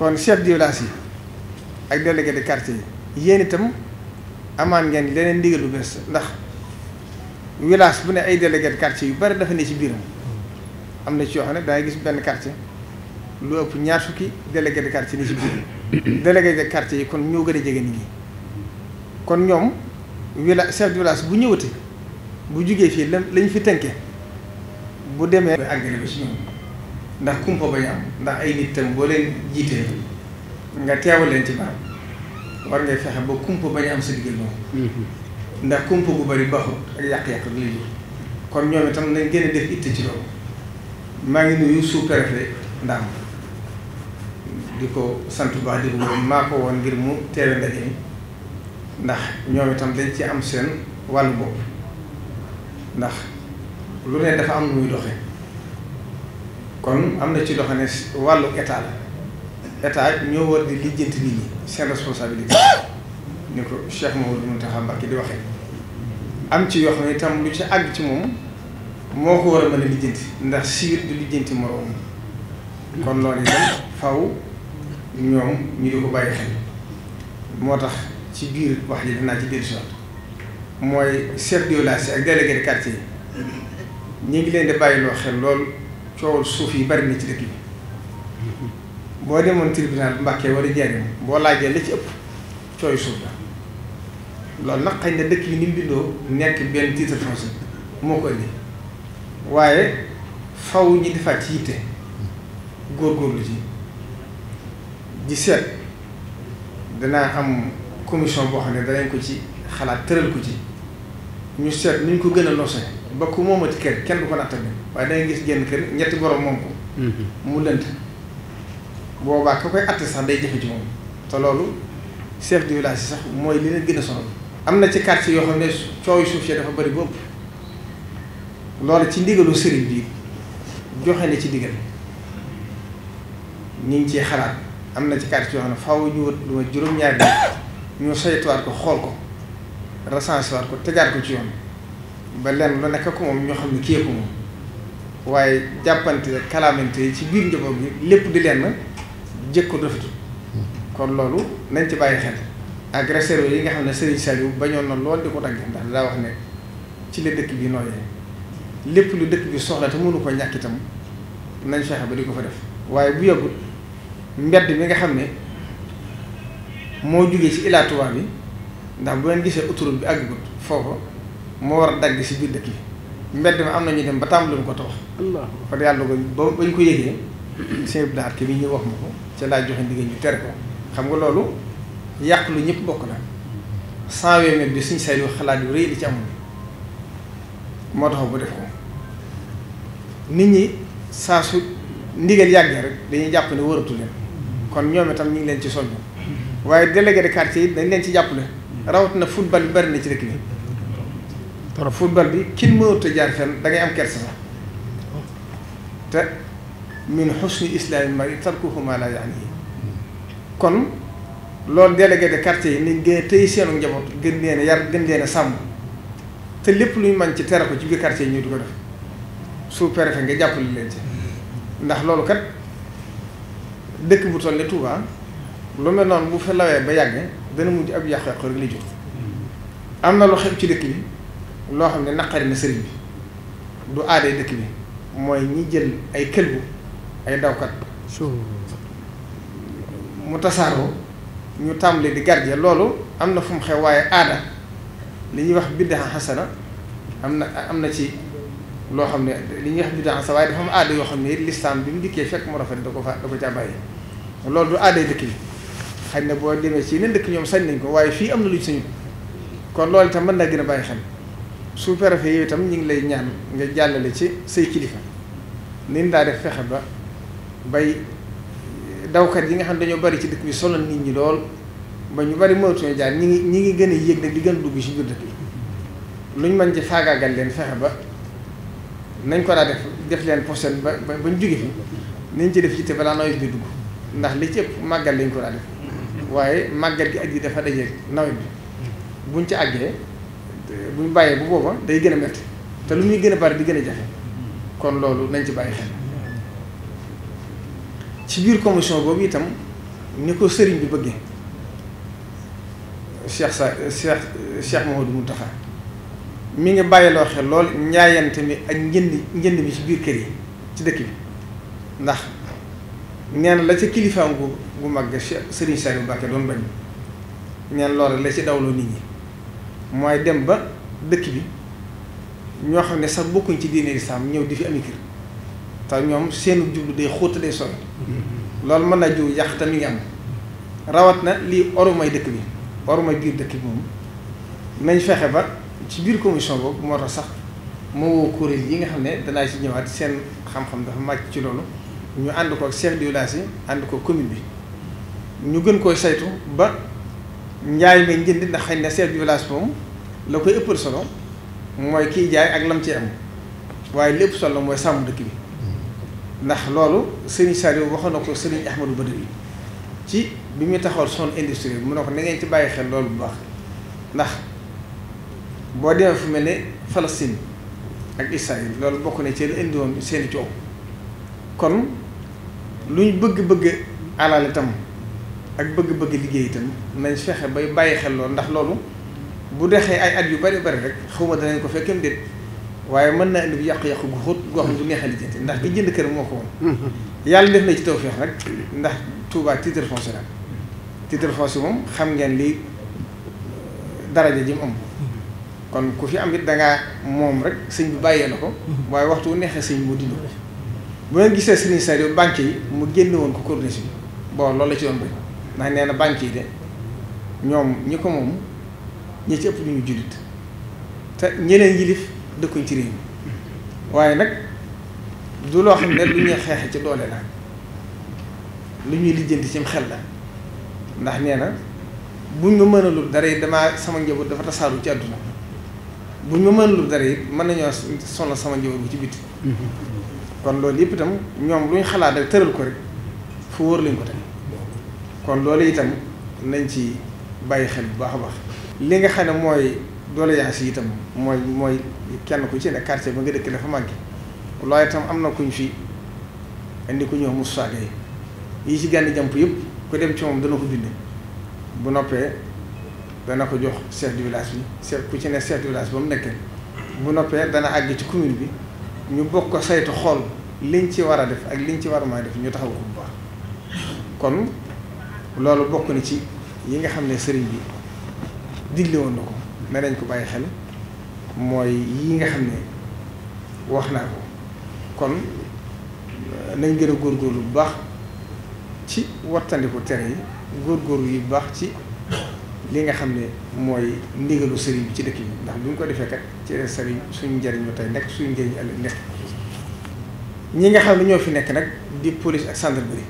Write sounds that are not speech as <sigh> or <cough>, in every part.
kon chef de village yi ak délégué de quartier yi yéen itam amaan ngeen leneen ndigal lu bees ndax village bu ne ay délégué de yu bari dafa ne ci biiram am na ci yoo xam ne dangay gis benn quartier lu ëpp ñaar fukki délégué de quartier ni ci biir <coughs> délégué de yi kon ñoo gën a jege nit ñi kon ñoom village chef de bu ñëwati bu jugee fii lañ fi tënke bu demee àggale ko ci ñoom ndax kumpa bañ am ndax ay nit tam boo leen jiitee nga teewal leen ci barab war ngay fexe ba kumpa bañ am sa diggal moom mm-hmm. ndax kumpa bu bari baaxut ak yàq-yàq du kon ñoom itam nañ gën def itte ci loolu maa ngi nuyu sous-préfet ko sant bu di ko maa woon ngir mu teewe ndaje mi ndax ñoom itam dañ ci am seen wàllu bopp ndax lu ne dafa am nu muy doxe kon am na ci loo xam ne wàllu état la état ñoo war di lijjanti nit ñi seen responsabilité <coughs> ni ko Cheikh Mawlud Mountakha Mbacké di waxee am ci yoo xam ne lu ci àgg ci moom moo ko war a mën a lijjanti ndax siwit du lijjanti moroom kon loolu itam faw tax ci biir wax ji dinaa ci biir si mooy chef de village ak délégué quartier yi ñu ngi leen di bàyyi loo xel loolu coowal suuf yi bari na ci dëkk bi boo demoon tribunal bu war a Njaaréem boo laajee la ci ëpp cooy suuf la loolu nag xëy na dëkk yi ni mu nekk benn titre foncier moo ko indi waaye faw ñi defaat ci góor góorlu ci di seet danaa am commission boo xam ne danañ ko ci xalaat tëral ko ci ñu seet ni ñu ko gën a noosee ba ku moomati kër kenn du ko nattale waaye dangay gis génn kër ñetti borom moom ko mhm. mu lënt boobaa ko koy atte sax day jafe ci moom te loolu chef de village sax mooy li leen gën a sonal am na ci quartier yoo xam ne coow dafa bari bopp loolu ci ndigalu sëriñ bi joxe ci ndigal ñu ngi ciy xalaat am na ci quartier yoo xam ne faaw ñu wut lu ma juróom-ñaari ñu saytuwaat ko xool ko recensé waat ko tegaat ko ci yoon ba leen lu nekk ko moom ñoo xam ne kii ko moom waaye jàppante kalaamante yi ci biir njaboot yi lépp di leen lenn jëkko dofatu kon loolu nañ ci bàyyi xel ak réserve yi nga xam ne Serigne Saliou bañoon na lool di ko dagg ndax daa wax ne ci la dëkk bi nooyee lépp lu dëkk bi soxla te mënu ko ñàkk itam nañ fexe ba di ko fa def waaye bu yàggul mbedd mi nga xam ne moo jugee ci Ila Touba bi ndax bu ngeen gisee autoroute bi àggut foofu moo war a dagg si biir dëkk yi mbedd mi am na ñu dem ba tàmbali ko tabax. kon yàlla ko ba ba ñu ko yëgee. sëñ bi daal bi ñuy wax ma ko ca laa joxe ndigal ñu tere ko xam nga loolu yàq lu ñëpp bokk la cent vingt mètres bi suñ say yu xalaat yu rëy di ci amul moo tax bu def ko nit ñi saa su ndigal yàggee rek dañuy jàpp ne wëratu leen kon ñoom itam ñu ngi leen ci soññ waaye délégué de quartier yi dañ leen ci jàppale na futbal yu bari na ci dëkk bi. toro football bi kin mënut a jaar fenn am kersa sax te min xusni loolu de quartier yi ni gën a tëye yar gën leen te lépp luñ man ci tere ko ci biir quartier yi ñu di ko def sous-préfet nga jàppale leen ci ndax loolu kat dëkk bu toll ni Touba lu mel noonu bu fa ba yàgg dana mujj ab yàq-yàq rek am na lu xew ci dëkk bi loo xam ne naqari na sëriñ bi du aaday dëkk bi mooy ñi jël ay këlbu ay dawkat mu tasaaroo ñu tàmbalee di garje loolu am na fu mu xew waaye aada li ñuy wax biddaa xasana am na am na ci loo xam ne li ñu wax biddaa xasana waaye dafa am aada yoo xam ne lislaam bi mu dikkee fekk mu rafet da ko fa da bàyyi loolu du aaday dëkk bi xëy na boo demee ci yeneen dëkk ñoom sañ nañ ko waaye fii am na lu ñu sañu kon loolu tam mën naa gën a bàyyi xel sous-préfet yooyu itam ñu ngi lay ñaan nga jàllale ci say kilifa nin daa def fexe ba bay dawkat yi nga xam dañoo bari ci dëkk bi sonal nit ñi lool ba ñu bari mënatuñu jaar ñi ngi ñi ngi gën a yéeg nag di gën a dugg ci biir dëkk bi luñ mën ci faagaagal leen fexe ba nañ ko daa def def leen prochaine ba ba bañ jóge fi nañ ci def yitte balaa nawet bi dugg ndax li ci ëpp màggal lañ ko daa def mm-hmm. waaye màggal gi ak yi dafa daje nawet bi buñ ci àggee bu ñu bàyyee bu booba day gën a métti te lu muy gën a bari di gën a jafe kon loolu nañ ci bàyyi xel ci biir commission boobu itam ni ko sëriñ bi bëggee Cheikh sa Cheikh Cheikh Mamadou taxa mi ngi bàyyiloo xel lool njaayante mi ak njënd njënd mi ci biir kër yi ci dëkk bi ndax neen la ca kilifaam gu gu mag Cheikh Sëriñ Saliou Mbacké doon bañ neen loolu la ci dawloo nit ñi mooy dem ba dëkk bi ñoo xam ne sax bokkuñ ci diine lislaam ñëw di fi ami kër te ñoom seenu jublu day xóot day sooy mm-hmm. loolu mën naa jiw yàq te ngi am rawat na lii orumay dëkk bi orumay biir dëkk bi moom nañ fexe ba ci biir commission boobu moo tax sax moo woo kuréel yi nga xam ne danaa ci ñëwaat seen xam-xam dafa màcc ci loolu ñu ànd ko ak chef de village yi ànd ko commune bi ñu gën koy saytu ba njaay mi njënd ndax xëy na chef du village moom la koy ëppal solo mooy kii jaay ak lam ci am waaye lépp solo mooy sàmm dëkk bi ndax loolu sëriñ Saliou waxoon na ko sëriñ Ahmadou Badri ci bi muy taxawal son industrie bi mun ne ko na ngeen ci bàyyi xel loolu bu baax ndax boo demee fu mel ne Palestine ak Israël loolu bokk na ci lu seeni coow kon luñ bëgg-bëgg alal itam ak bëgg-bëgg liggéey itam nañ fexe bay bàyyi xel loolu ndax loolu bu dexee ay at yu bari bari rek xaw ma danañ ko fekkeem déet waaye mën naa indi yàqu-yàqu gu xóot goo xam ne du neex a lijjanti ndax ki jënd kër moo ko woon mm-hmm. yàlla def na ci tawfeex nag ndax Touba titre foncier la titre foncier moom xam ngeen li daraja ji mu am mm-hmm. kon ku fi am it dangaa moom rek sëñ bi bàyyee na ko mm-hmm. waaye waxtu wu neexee sëñ moo dindi ko bu ngeen gisee sëriñ Saliou banque yi mu génne woon ko coordination bi bon loolu la ci doon bëri ndax nee na banque yi de ñoom ñi ko moom ñi ci ëpp ñu ñu jullit te ñeneen yilif dëkkuñ ci réew mi waaye nag du loo xam ne lu ñuy xeexe ci doole la lu ñuy lijjanti cim xel la ndax nee na buñ ma mënalul dara it damaa sama njaboot dafa tasaaru ci àdduna buñ ma mënalul dara it mën nañoo sonal sama njaboot bu ci biti mm-hmm. kon loolu yëpp itam ñoom lu ñu xalaat rek tëral ko rek fu wóor lañ ko teg kon loolu itam nañ ci bàyyi xel bu baax a baax li nga xam ne mooy doléance itam mooy mooy kenn ku ci ne quartier ba nga dëkk dafa manqué loolu itam am na ku ñu fi indi ku ñëw Moussa Gueye yi ci gànn jàmp yëpp ku dem ci moom dana ko bind bu noppee dana ko jox chef du village bi chef ku ci ne chef du ba mu nekkee bu noppee dana àgg ci commune bi ñu bokk ko saytu xool li liñ ci war a def ak liñ ci war a maa def ñu taxaw ko bu baax kon loolu bokk na ci yi nga xam ne sëriñ bi digle woon na ko ne nañ ko bàyyi xel mooy yi nga xam ne wax naa ko kon euh, nañ gën a góor góorgóorlu bu baax ci wattandiku tere yi góorgóorlu yi bu baax ci li nga xam ne mooy ndigalu sëriñ bi ci dëkk bi ndax bu ñu ko defee kat ci sëriñ suñu njëriñ ba tey nekk suñ njëriñ ëllëg nekk ñi nga xam ne ñoo fi nekk nag di police ak gendarmerie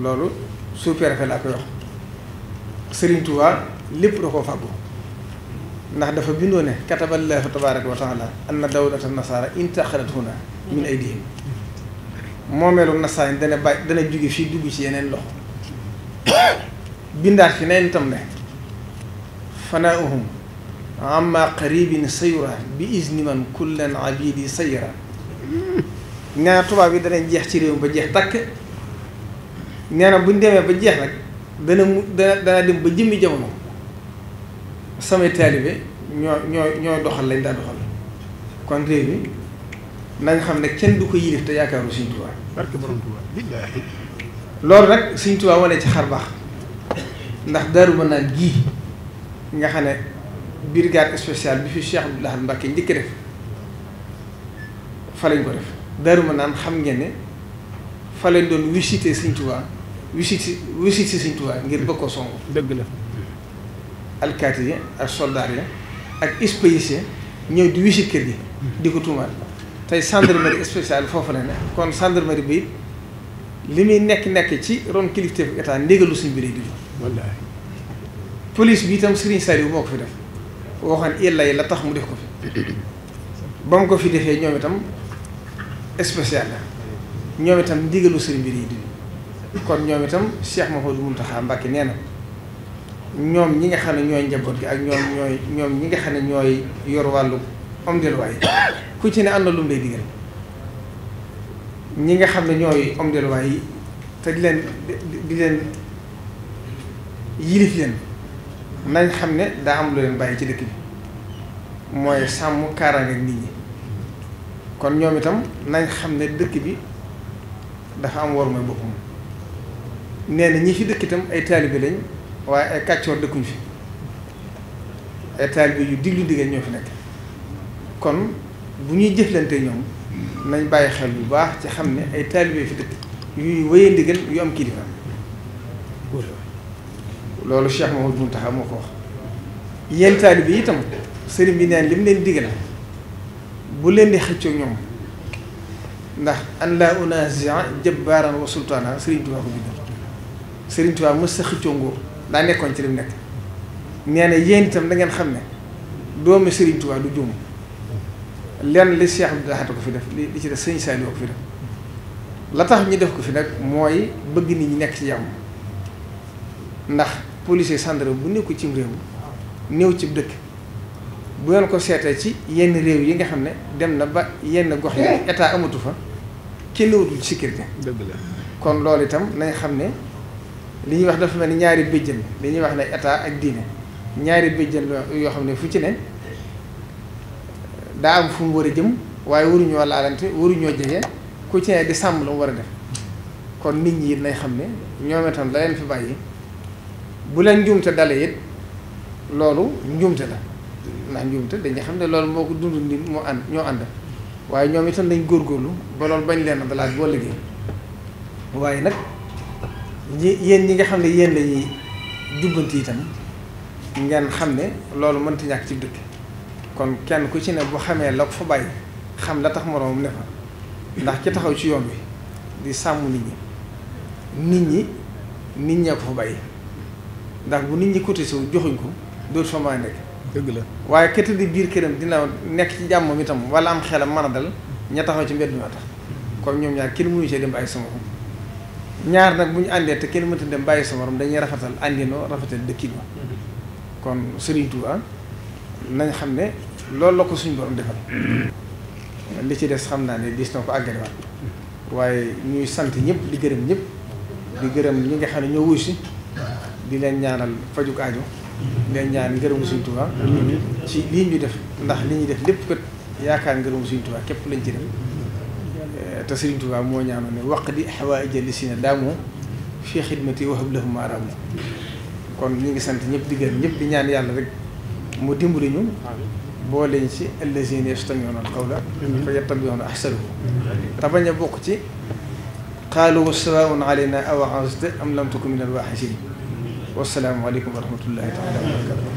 loolu sous-préfet laa koy wax Serigne lépp da koo fàggu ndax dafa bindoo ne kataballaahu tabaaraka wa taala anna dawlata nasaara intaqalat huna min aydihim moomeelu nasaara dana bàyyi dana jóge fii dugg ci yeneen loxo bindaat fi neen itam ne fanaauhum amma qaribin sayura bi izni man kullan abidi sayira ñaar tubaab yi danañ jeex ci réew ba jeex takk nee bu ñu demee ba jeex nag dana mu dana dana dem ba jëmmi jamono samay taalibe ñoo ñoo ñoo doxal lañ daa doxal kon réew mi na xam ne kenn du ko yilif te yaakaaru Sëriñ Tuubaa barke borom Tuubaa loolu nag Sëriñ Tuubaa wane ci xar baax ndax Daaru Manaan gii nga xam ne brigade spéciale bi fi Cheikh Abdoul Ahad Mbacké njëkk def fa lañ ko def Daaru naan xam ngeen ne fa doon visité Sëriñ Tuubaa wisit si wisit si Sëñ Tuubaa ngir bëgg ko song la alkaati yi ak soldaar yi ak spécial ñëw di wisit kër gi di ko tuumaal tey gendarmerie spéciale foofu la ne kon gendarmerie bi li muy nekk nekk ci ron kilifteefu état ndégalu suñ bi lay di wallaahi police bi itam Serigne Saliou moo ko fi def waxoon illa yi la tax mu def ko fi ba mu ko fi defee ñoom itam spécial la ñoom itam ndigalu sëriñ bi lay di kon ñoom itam Cheikh Mouhamadou Mountakha Mbacké nee na ñoom ñi nga xam ne ñooy njaboot gi ak ñoom ñooy ñoom ñi nga xam ne ñooy yor wàllu am ku ci ne am na lu mu lay ñi nga xam ne ñooy am yi te di leen di leen yilif leen nañ xam ne daa am lu leen bàyyi ci dëkk bi mooy sàmm kaaraange ak nit ñi kon ñoom itam nañ xam ne dëkk bi dafa am war mooy boppam nee na ñi fi dëkk itam ay taalibe lañ waaye ay kàccoor dëkkuñ fi ay taalibe yu diglu ndigal ñoo fi nekk kon bu ñuy jëflante ñoom nañ bàyyi xel bu baax ci xam ne ay taalibe fi dëkk yuy wéye ndigal yu am kilifa loolu Cheikh Mamadou Mountakha moo ko wax yéen taalibe yi itam sëriñ bi neen li mu leen digal bu leen di xëccoo ñoom ndax an laa unazia jabbaaran wa sultaana sëriñ Tuubaa ko bind Serigne Touba mës sa xëccoo daa nekkoon ci li mu nekk nee na yéen itam da ngeen xam ne doomu Serigne Touba du juum lenn li Cheikh Abdou Lahad ko fi def li li ci def Serigne Saliou ko fi def la tax ñu def ko fi nag mooy bëgg nit ñi nekk ci jàmm ndax policier gendarme bu nekkul cim réew néew ci dëkk bu ngeen ko seetee ci yenn réew yi nga xam ne dem na ba yenn gox yi état amatu fa kenn wutul sécurité. dëgg kon loolu itam nañ xam ne. li ñuy wax dafa mel ni ñaari béjjën li ñuy wax na état ak diine ñaari béjjën yoo xam ne fu ci ne daa am fu mu war a jëm waaye waruñoo laalante waruñoo jege ku ci ne di sàmm la mu war a def kon nit ñi it nañ xam ne ñoom itam la leen fi bàyyi bu leen njuumte dale it loolu njuumte la ndax njuumte dañuy xam ne loolu moo ko dund nit moo ànd ñoo ànd waaye ñoom itam dañ góorgóorlu ba loolu bañ leen a dalaat boo liggéey waaye nag. ñi yéen ñi nga xam ne yéen la ñuy jubbanti itam ngeen xam ne loolu mënta ñàkk ci dëkk kon kenn ku ci ne bu xamee la ko fa bàyyi xam la tax moroomam ne fa ndax ci taxaw ci yoon bi di sàmm nit ñi nit ñi nit ñee ko fa bàyyi ndax bu nit ñi cotisé joxuñ ko dootu fa mën a nekk. dëgg la waaye kër di biir këram dina nekk ci jàmm itam wala am xelam mën a dal ña taxaw ci mbedd mi tax kon ñoom ñaar ki mënu cee dem ay sama ñaar nag bu ñu àndee te kenn mënta dem bàyyi sa morom dañuy rafetal àndinoo rafetal dëkkinoo mm-hmm. kon Serigne Touba nañ xam ne loolu la ko suñu borom defal li ci des xam naa ne gis ko àggale waaye ñuy sant ñëpp di gërëm ñëpp di gërëm ñu nga xam ne ñoo wuy si di leen ñaanal fajuk aajo leen ñaan ngërëmu Sëriñ Tuubaa mm-hmm. ci lii ñu def ndax li ñuy def lépp kat yaakaar ngërëmu Sëriñ Tuubaa képp lañ ci def te Serigne Touba moo ñaanoon ne waq di xawaaija li si ne daamu fii xidmati wahab lahum maaraamu kon ñu ngi sant ñëpp di gërëm ñëpp di ñaan yàlla rek mu dimbali ñu boo leen ci allazina yastami'una al-qawla fa yattabi'una ahsanahu te bañ a bokk ci qaalu sawaa'un alaynaa a wa'azta am lam takun min al-waahiziin wassalaamu aleykum wa rahmatullahi taala